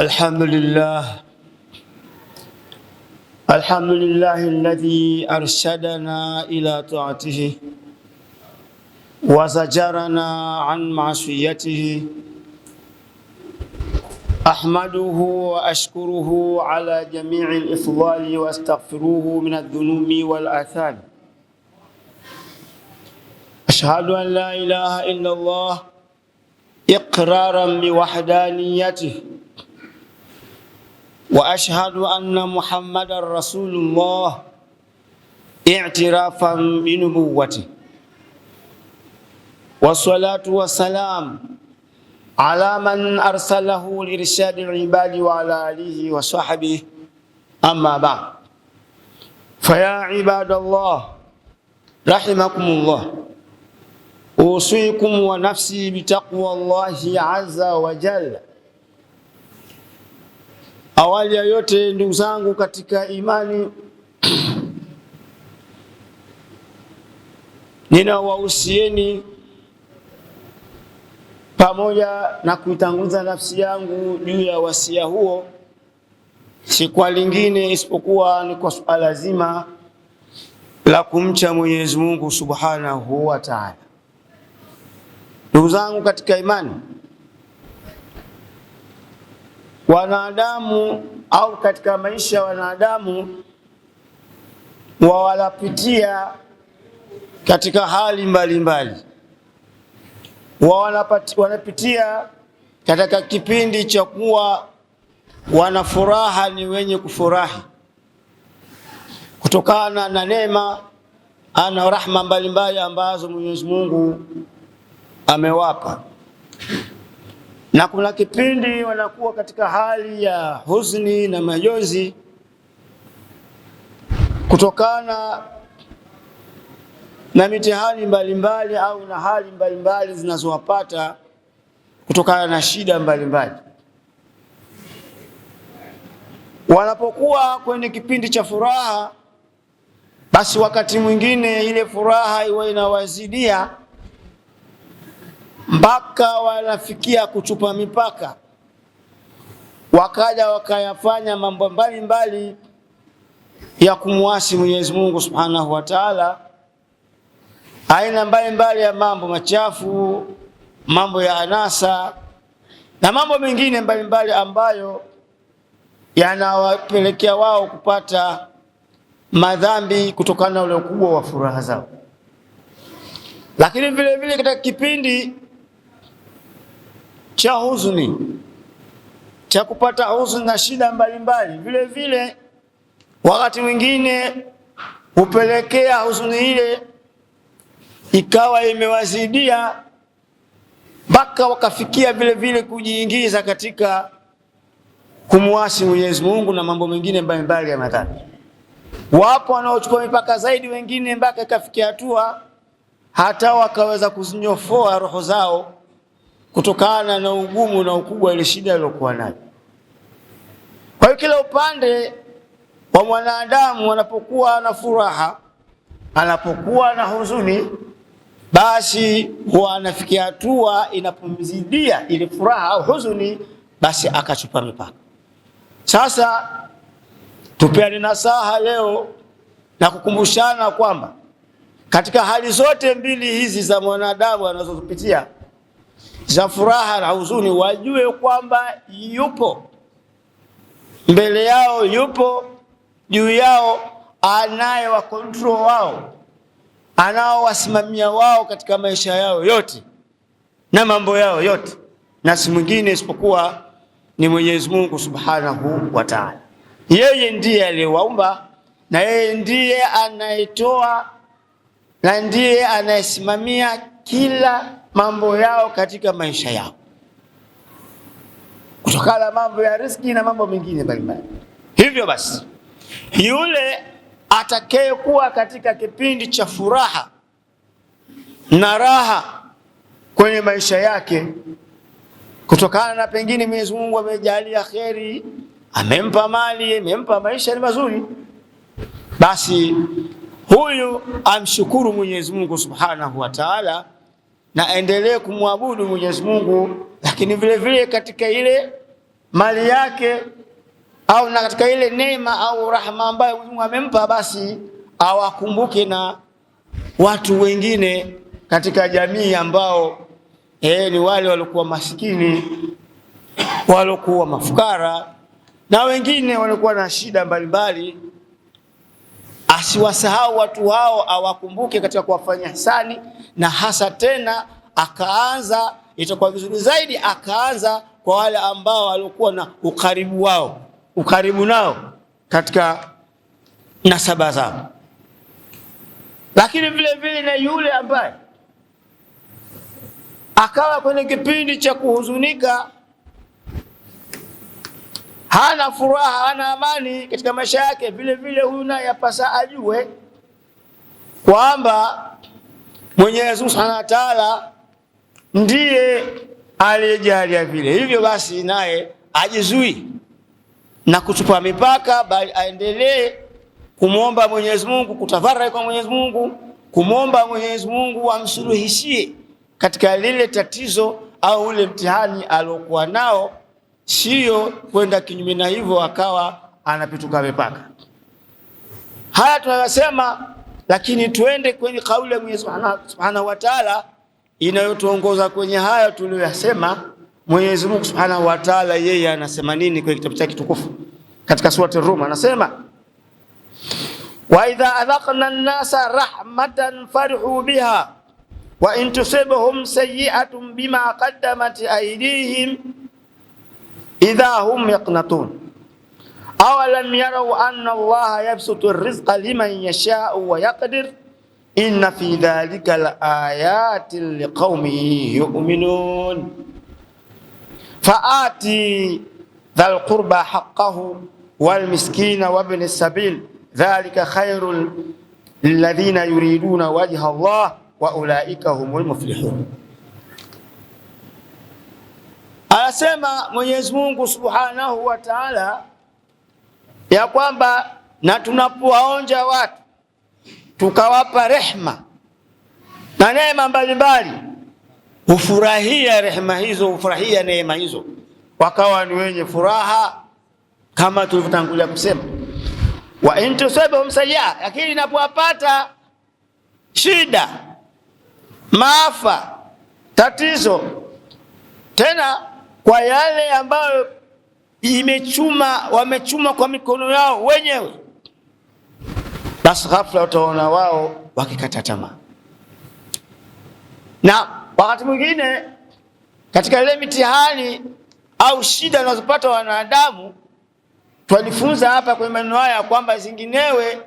الحمد لله الحمد لله الذي أرشدنا إلى طاعته وزجرنا عن معصيته أحمده وأشكره على جميع الإفضال وأستغفره من الذنوب والآثام أشهد أن لا إله إلا الله إقرارا بوحدانيته واشهد ان محمدا رسول الله اعترافا بنبوته والصلاه والسلام على من ارسله لارشاد العباد وعلى اله وصحبه اما بعد فيا عباد الله رحمكم الله اوصيكم ونفسي بتقوى الله عز وجل Awali ya yote ndugu zangu katika imani, ninawahusieni pamoja na kuitanguliza nafsi yangu juu ya wasia huo, si kwa lingine isipokuwa ni kwa suala zima la kumcha Mwenyezi Mungu Subhanahu wa Ta'ala. Ndugu zangu katika imani wanadamu au katika maisha ya wanadamu wawanapitia katika hali mbalimbali, wanapitia katika kipindi cha kuwa wanafuraha ni wenye kufurahi kutokana na neema ana rahma mbalimbali ambazo Mwenyezi Mungu amewapa na kuna kipindi wanakuwa katika hali ya huzuni na majonzi kutokana na mitihani mbalimbali au na hali mbalimbali zinazowapata kutokana na shida mbalimbali. Wanapokuwa kwenye kipindi cha furaha, basi wakati mwingine ile furaha iwe inawazidia mpaka wanafikia kuchupa mipaka, wakaja wakayafanya mambo mbalimbali ya kumwasi Mwenyezi Mungu Subhanahu wa Ta'ala, aina mbalimbali ya mambo machafu, mambo ya anasa na mambo mengine mbalimbali ambayo yanawapelekea wao kupata madhambi kutokana na ule ukubwa wa furaha zao. Lakini vile vile katika kipindi cha huzuni cha kupata huzuni na shida mbalimbali. Vile vile wakati mwingine hupelekea huzuni ile ikawa imewazidia mpaka wakafikia vile vile kujiingiza katika kumuasi Mwenyezi Mungu na mambo mengine mbalimbali ya madhambi. Wapo wanaochukua mipaka zaidi, wengine mpaka ikafikia hatua hata wakaweza kuzinyofoa roho zao kutokana na ugumu na ukubwa ile shida aliyokuwa nayo. Kwa hiyo kila upande wa mwanadamu anapokuwa na furaha, anapokuwa na huzuni, basi huwa anafikia hatua inapomzidia ile furaha au huzuni, basi akachupa mipaka. Sasa tupeane nasaha leo na kukumbushana kwamba katika hali zote mbili hizi za mwanadamu anazopitia za furaha na huzuni, wajue kwamba yupo mbele yao, yupo juu yao, wa control wao, anaowasimamia wao katika maisha yao yote na mambo yao yote, na si mwingine isipokuwa ni Mwenyezi Mungu Subhanahu wa Ta'ala. Yeye ndiye aliyewaumba na yeye ndiye anayetoa na ndiye anayesimamia kila mambo yao katika maisha yao, kutokana na mambo ya riski na mambo mengine mbalimbali. Hivyo basi, yule atakayekuwa katika kipindi cha furaha na raha kwenye maisha yake kutokana na pengine Mwenyezi Mungu amejalia kheri, amempa mali, amempa maisha ni mazuri, basi huyu amshukuru Mwenyezi Mungu Subhanahu wa Ta'ala na aendelee kumwabudu Mwenyezi Mungu, lakini vile vile katika ile mali yake au na katika ile neema au rahma ambayo Mungu amempa, basi awakumbuke na watu wengine katika jamii ambao eh, ni wale waliokuwa masikini, waliokuwa mafukara na wengine waliokuwa na shida mbalimbali asiwasahau watu hao, awakumbuke katika kuwafanya hisani, na hasa tena akaanza, itakuwa vizuri zaidi akaanza kwa wale ambao waliokuwa na ukaribu wao ukaribu nao katika nasaba zao, lakini vile vile na yule ambaye akawa kwenye kipindi cha kuhuzunika hana furaha, hana amani katika maisha yake. Vile vile huyu naye yapasa ajue kwamba Mwenyezi Mungu Subhanahu wa Ta'ala ndiye aliyejalia vile. Hivyo basi naye ajizui na kuchupa mipaka, bali aendelee kumwomba Mwenyezi Mungu, kutafarahi kwa Mwenyezi Mungu, kumwomba Mwenyezi Mungu amsuluhishie katika lile tatizo au ule mtihani aliokuwa nao siyo kwenda kinyume na hivyo akawa anapituka mipaka. Haya tunayosema, lakini tuende kwenye kauli ya Mwenyezi Subhanahu wa Ta'ala inayotuongoza kwenye haya tuliyoyasema. Mwenyezi Mungu Subhanahu wa Ta'ala yeye anasema nini kwenye kitabu chake kitukufu katika surati Rum? Anasema, wa idha adhaqna an-nasa rahmatan farihu biha wa in tusibhum sayyi'atun bima qaddamat aydihim إذا هم يقنطون أولم يروا أن الله يبسط الرزق لمن يشاء ويقدر إن في ذلك لآيات لقوم يؤمنون فآتي ذا القربى حقه والمسكين وابن السبيل ذلك خير للذين يريدون وجه الله وأولئك هم المفلحون Anasema Mwenyezi Mungu Subhanahu wa Ta'ala ya kwamba na tunapowaonja watu tukawapa rehma na neema mbalimbali, hufurahia rehma hizo, hufurahia neema hizo, wakawa ni wenye furaha, kama tulivyotangulia kusema, wa in tusibhum lakini inapowapata shida, maafa, tatizo tena kwa yale ambayo imechuma wamechuma kwa mikono yao wenyewe, basi ghafla utaona wao wakikata tamaa. Na wakati mwingine katika ile mitihani au shida anazopata wanadamu, twajifunza hapa kwenye maneno haya kwamba zinginewe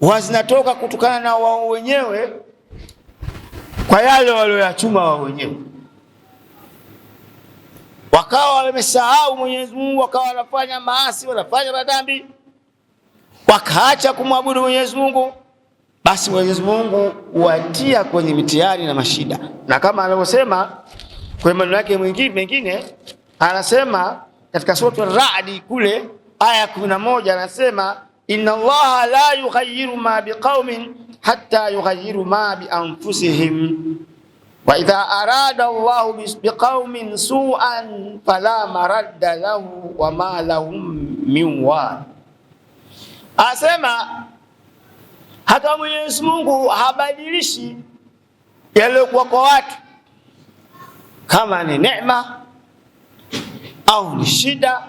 wazinatoka kutokana na wao wenyewe kwa yale walioyachuma wao wenyewe wakawa wamesahau Mwenyezi Mungu, wakawa wanafanya maasi, wanafanya madhambi, wakaacha kumwabudu Mwenyezi Mungu, basi Mwenyezi Mungu huwatia kwenye mitihani na mashida, na kama anavyosema kwenye maneno yake mengine, anasema katika Suratul Ra'd kule aya kumi na moja anasema inna Allaha la yughayyiru ma biqaumin hatta yughayyiru ma bi anfusihim wa idha arada Allahu biqaumin su'an fala maradda lahu wa ma lahum min wa asema hata Mwenyezi Mungu habadilishi yaliyokuwa kwa watu, kama ni neema au ni shida,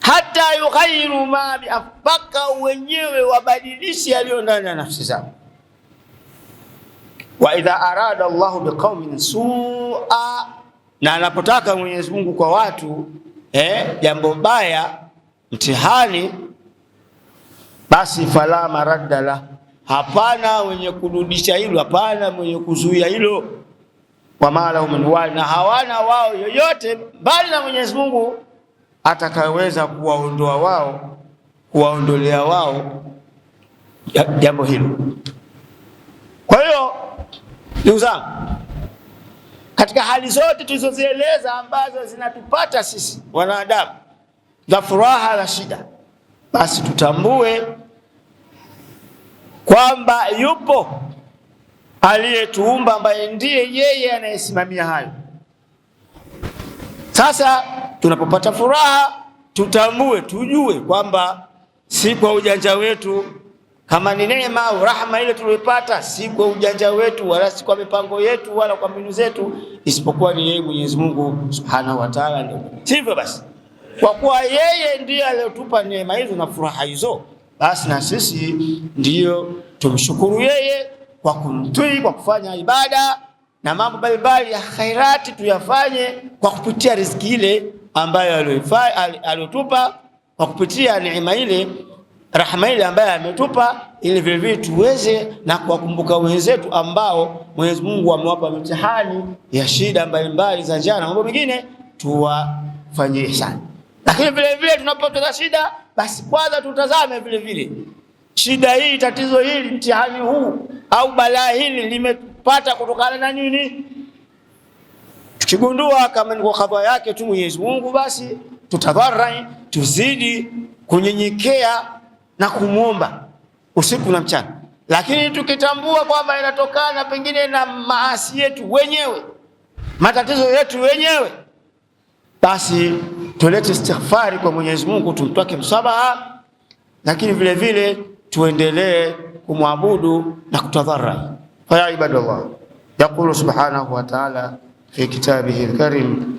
hata yughayiru ma bi, mpaka wenyewe wabadilishi yaliyo ndani ya nafsi zao wa idha arada Allahu biqaumin sua, na anapotaka Mwenyezi Mungu kwa watu eh, jambo baya mtihani, basi fala maradda la, hapana mwenye kurudisha hilo, hapana mwenye kuzuia hilo. Wama lahum min wali, na hawana wao yoyote mbali na Mwenyezi Mungu atakayeweza kuwaondoa wao, kuwaondolea wao jambo hilo. Kwa hiyo Ndugu zangu, katika hali zote tulizozieleza ambazo zinatupata sisi wanadamu za furaha na shida, basi tutambue kwamba yupo aliyetuumba ambaye ndiye yeye anayesimamia hayo. Sasa tunapopata furaha, tutambue, tujue kwamba si kwa ujanja wetu kama ni neema au rahma ile tuliyopata, si kwa ujanja wetu wala si kwa mipango yetu wala kwa mbinu zetu, isipokuwa ni yeye Mwenyezi Mungu Subhanahu wa Ta'ala, ndio hivyo Basi kwa kuwa yeye ndiye aliyotupa neema hizo na furaha hizo, basi na sisi ndiyo tumshukuru yeye kwa kumtii, kwa kufanya ibada na mambo mbalimbali ya khairati tuyafanye kwa kupitia riziki ile ambayo aliyotupa, kwa kupitia neema ile rahma ile ambayo ametupa ili vile vile tuweze na kuwakumbuka wenzetu ambao Mwenyezi Mungu amewapa mitihani ya shida mbalimbali za njaa na mambo mengine, tuwafanyie ihsani. Lakini vile vile tunapopata shida, basi kwanza tutazame vile vile shida hii, tatizo hili, mtihani huu au balaa hili limepata kutokana na nini? Tukigundua kama ni kwa kadha yake tu Mwenyezi Mungu, basi tutadharai, tuzidi kunyenyekea na kumwomba usiku na mchana, lakini tukitambua kwamba inatokana pengine na maasi yetu wenyewe, matatizo yetu wenyewe, basi tulete istighfari kwa Mwenyezi Mungu, tumtwake msabaha, lakini vile vile tuendelee kumwabudu na kutadharai. Faya ibadallah, yaqulu subhanahu wa ta'ala fi kitabihi alkarim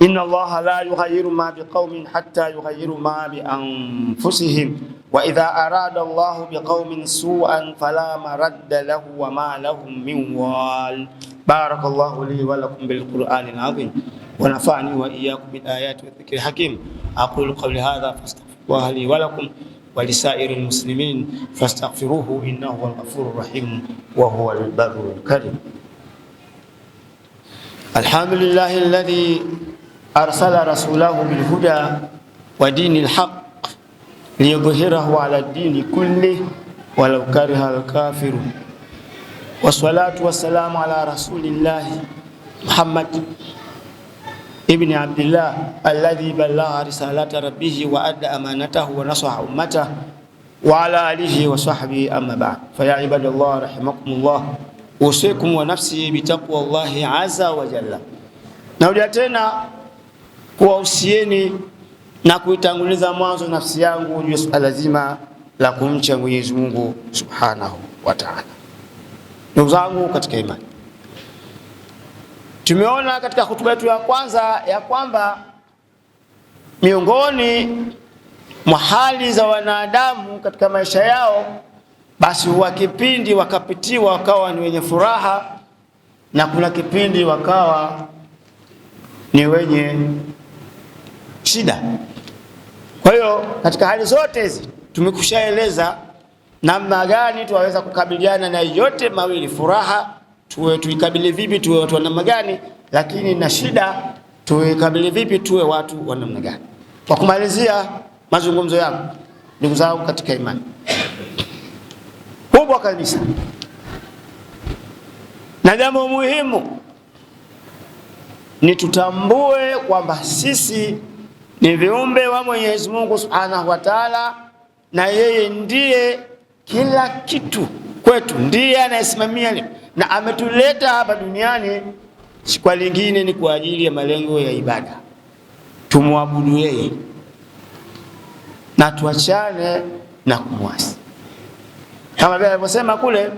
إن الله لا يغير ما بقوم حتى يغير ما بأنفسهم وإذا أراد الله بقوم سوءا فلا مرد له وما لهم من وال بارك الله لي ولكم بالقرآن العظيم ونفعني وإياكم بالآيات والذكر الحكيم أقول قولي هذا فاستغفر الله لي ولكم ولسائر المسلمين فاستغفروه إنه هو الغفور الرحيم وهو البر الكريم الحمد لله الذي أرسل رسوله بالهدى ودين الحق ليظهره على الدين كله ولو كره الكافر والصلاة والسلام على رسول الله محمد ابن عبد الله الذي بلغ رسالة ربه وأدى أمانته ونصح أمته وعلى آله وصحبه أما بعد فيا عباد الله رحمكم الله أوصيكم ونفسي بتقوى الله عز وجل نرجع kuwahusieni na kuitanguliza mwanzo nafsi yangu juu ya suala zima la kumcha Mwenyezi Mungu Subhanahu wa Ta'ala. Ndugu zangu katika imani, tumeona katika hotuba yetu ya kwanza ya kwamba miongoni mwa hali za wanadamu katika maisha yao, basi huwa kipindi wakapitiwa wakawa ni wenye furaha na kuna kipindi wakawa ni wenye shida. Kwa hiyo katika hali zote hizi tumekushaeleza namna gani tuwaweza kukabiliana na yote mawili, furaha tuwe tuikabili vipi, tuwe watu wa namna gani, lakini na shida tuikabili vipi, tuwe watu wa namna gani. Kwa kumalizia mazungumzo yangu, ndugu zangu katika imani kubwa kabisa na jambo muhimu ni tutambue kwamba sisi ni viumbe wa Mwenyezi Mungu Subhanahu wa Ta'ala, na yeye ndiye kila kitu kwetu, ndiye anayesimamia na ametuleta hapa duniani si kwa lingine, ni kwa ajili ya malengo ya ibada. Tumwabudu yeye na tuachane na kumwasi, kama vile alivyosema kule,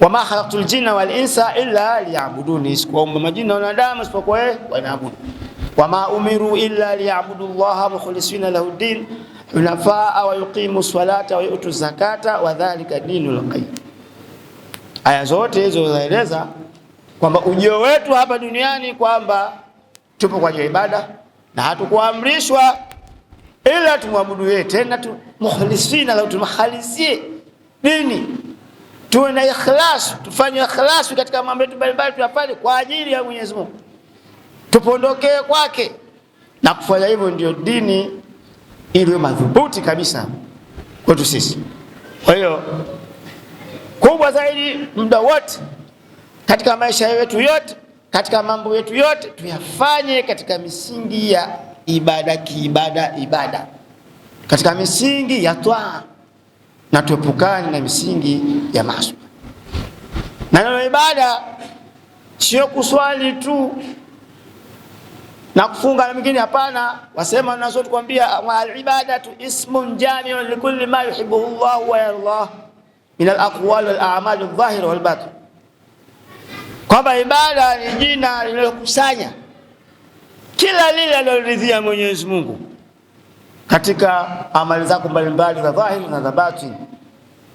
wama khalaqtul jinna wal insa illa liya'buduni, sikuwaumba majini na wanadamu isipokuwa wanaabudu wama umiru illa liyabudu llaha mukhlisina lahu din hunafaa wa yuqimu salata wa yutu zakata wadhalika dinu qayyim. Aya zote hizo zaeleza kwamba ujio wetu hapa duniani kwamba tupo kwa ajili ya ibada na hatukuamrishwa ila tumwabudu yeye, tena tu mukhlisina lahu, tumkhalisie dini, tuwe na ikhlas, tufanye ikhlasi katika mambo yetu mbalimbali tuyafanye kwa ajili ya Mwenyezi Mungu tupondokee kwake, na kufanya hivyo ndio dini iliyo madhubuti kabisa kwetu sisi. Kwa hiyo kubwa zaidi, muda wote katika maisha yetu yote, katika mambo yetu yote, tuyafanye katika misingi ya ibada, kiibada, ibada katika misingi ya twaa, na tuepukane na misingi ya maswa Na neno ibada sio kuswali tu na kufunga na mingine hapana. Wasema naso tukwambia, alibadatu ismun jamiun likulli ma yuhibbuhu Allah wa yarda min alaqwali wal a'mal adh-dhahira wal batin, kwamba ibada ni jina linalokusanya kila lile aliloridhia Mwenyezi Mungu katika amali zako mbalimbali za dhahiri na za batini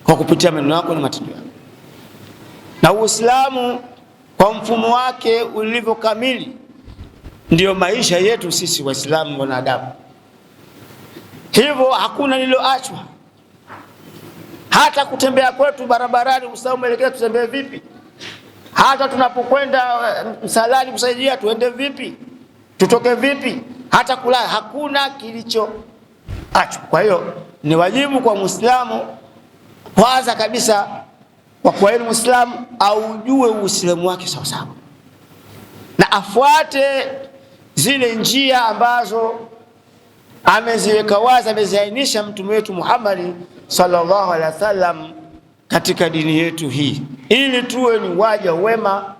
kwa kupitia maneno yako na matendo yako. Na Uislamu kwa mfumo wake ulivyo kamili Ndiyo maisha yetu sisi Waislamu wanadamu, hivyo hakuna lililoachwa. Hata kutembea kwetu barabarani, Uislamu mwelekeo, tutembee vipi? Hata tunapokwenda eh, msalani kusaidia, tuende vipi? Tutoke vipi? Hata kulala, hakuna kilichoachwa. Kwa hiyo ni wajibu kwa Muislamu kwanza kabisa, kwa kuwa yeye Muislamu, aujue Uislamu wake sawasawa na afuate zile njia ambazo ameziweka wazi, ameziainisha mtume wetu Muhammad sallallahu alaihi wasallam katika dini yetu hii, ili tuwe ni waja wema,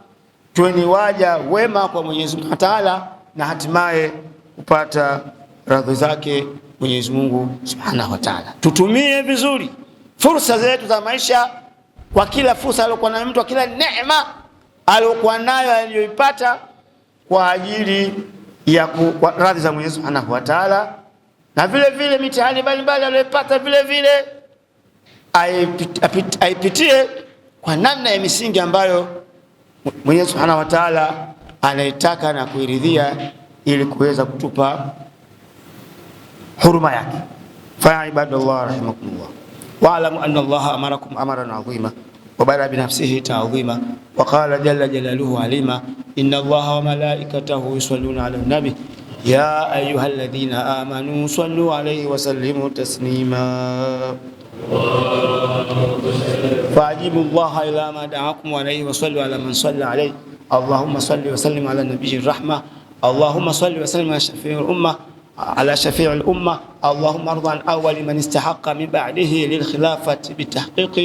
tuwe ni waja wema kwa Mwenyezi Mungu Taala, na hatimaye kupata radhi zake Mwenyezi Mungu Subhanahu wa Taala. Tutumie vizuri fursa zetu za maisha, kwa kila fursa aliyokuwa nayo mtu, kwa kila neema aliyokuwa nayo aliyoipata kwa ajili ya radhi za Mwenyezi Subhanahu wa Ta'ala, na vile vile mitihani mbalimbali aliyopata vile vile aipitie kwa namna ya misingi ambayo Mwenyezi Subhanahu wa Ta'ala anaitaka na kuiridhia ili kuweza kutupa huruma yake. Fa ibadallah rahimakumullah wa alamu anna Allah amarakum amaran adhima. وبنى بنفسه تعظيما وقال جل جلاله عليما إن الله وملائكته يصلون على النبي يا أيها الذين آمنوا صلوا عليه وسلموا تسليما فأجيبوا الله إلى ما دعاكم عليه وصلوا على من صلى عليه اللهم صل وسلم على النبي الرحمة اللهم صل وسلم على شفيع الأمة على شفيع الأمة اللهم ارض عن أول من استحق من بعده للخلافة بتحقيق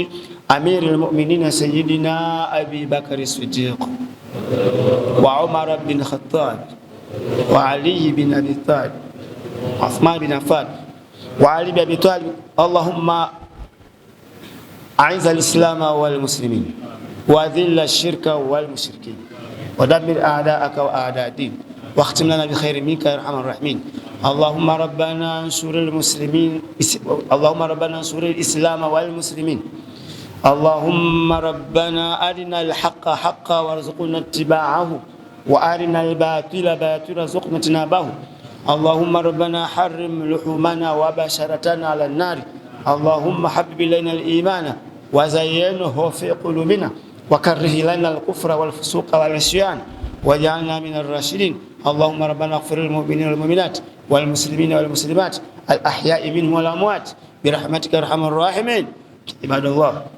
أمير المؤمنين سيدنا أبي بكر الصديق وعمر بن الخطاب وعلي بن أبي طالب عثمان بن عفان وعلي بن أبي طالب اللهم أعز الإسلام والمسلمين وأذل الشرك والمشركين ودمر أعداءك وأعداء دينك واختم لنا بخير منك يا ارحم الراحمين اللهم ربنا انصر المسلمين اللهم ربنا انصر الاسلام والمسلمين اللهم ربنا ارنا الحق حقا وارزقنا اتباعه وارنا الباطل باطلا وارزقنا اجتنابه اللهم ربنا حرم لحومنا وبشرتنا على النار اللهم حبب لنا الايمان وزينه في قلوبنا وكره لنا الكفر والفسوق والعصيان واجعلنا من الراشدين اللهم ربنا اغفر للمؤمنين والمؤمنات والمسلمين والمسلمات الأحياء منهم والأموات برحمتك أرحم الراحمين عباد الله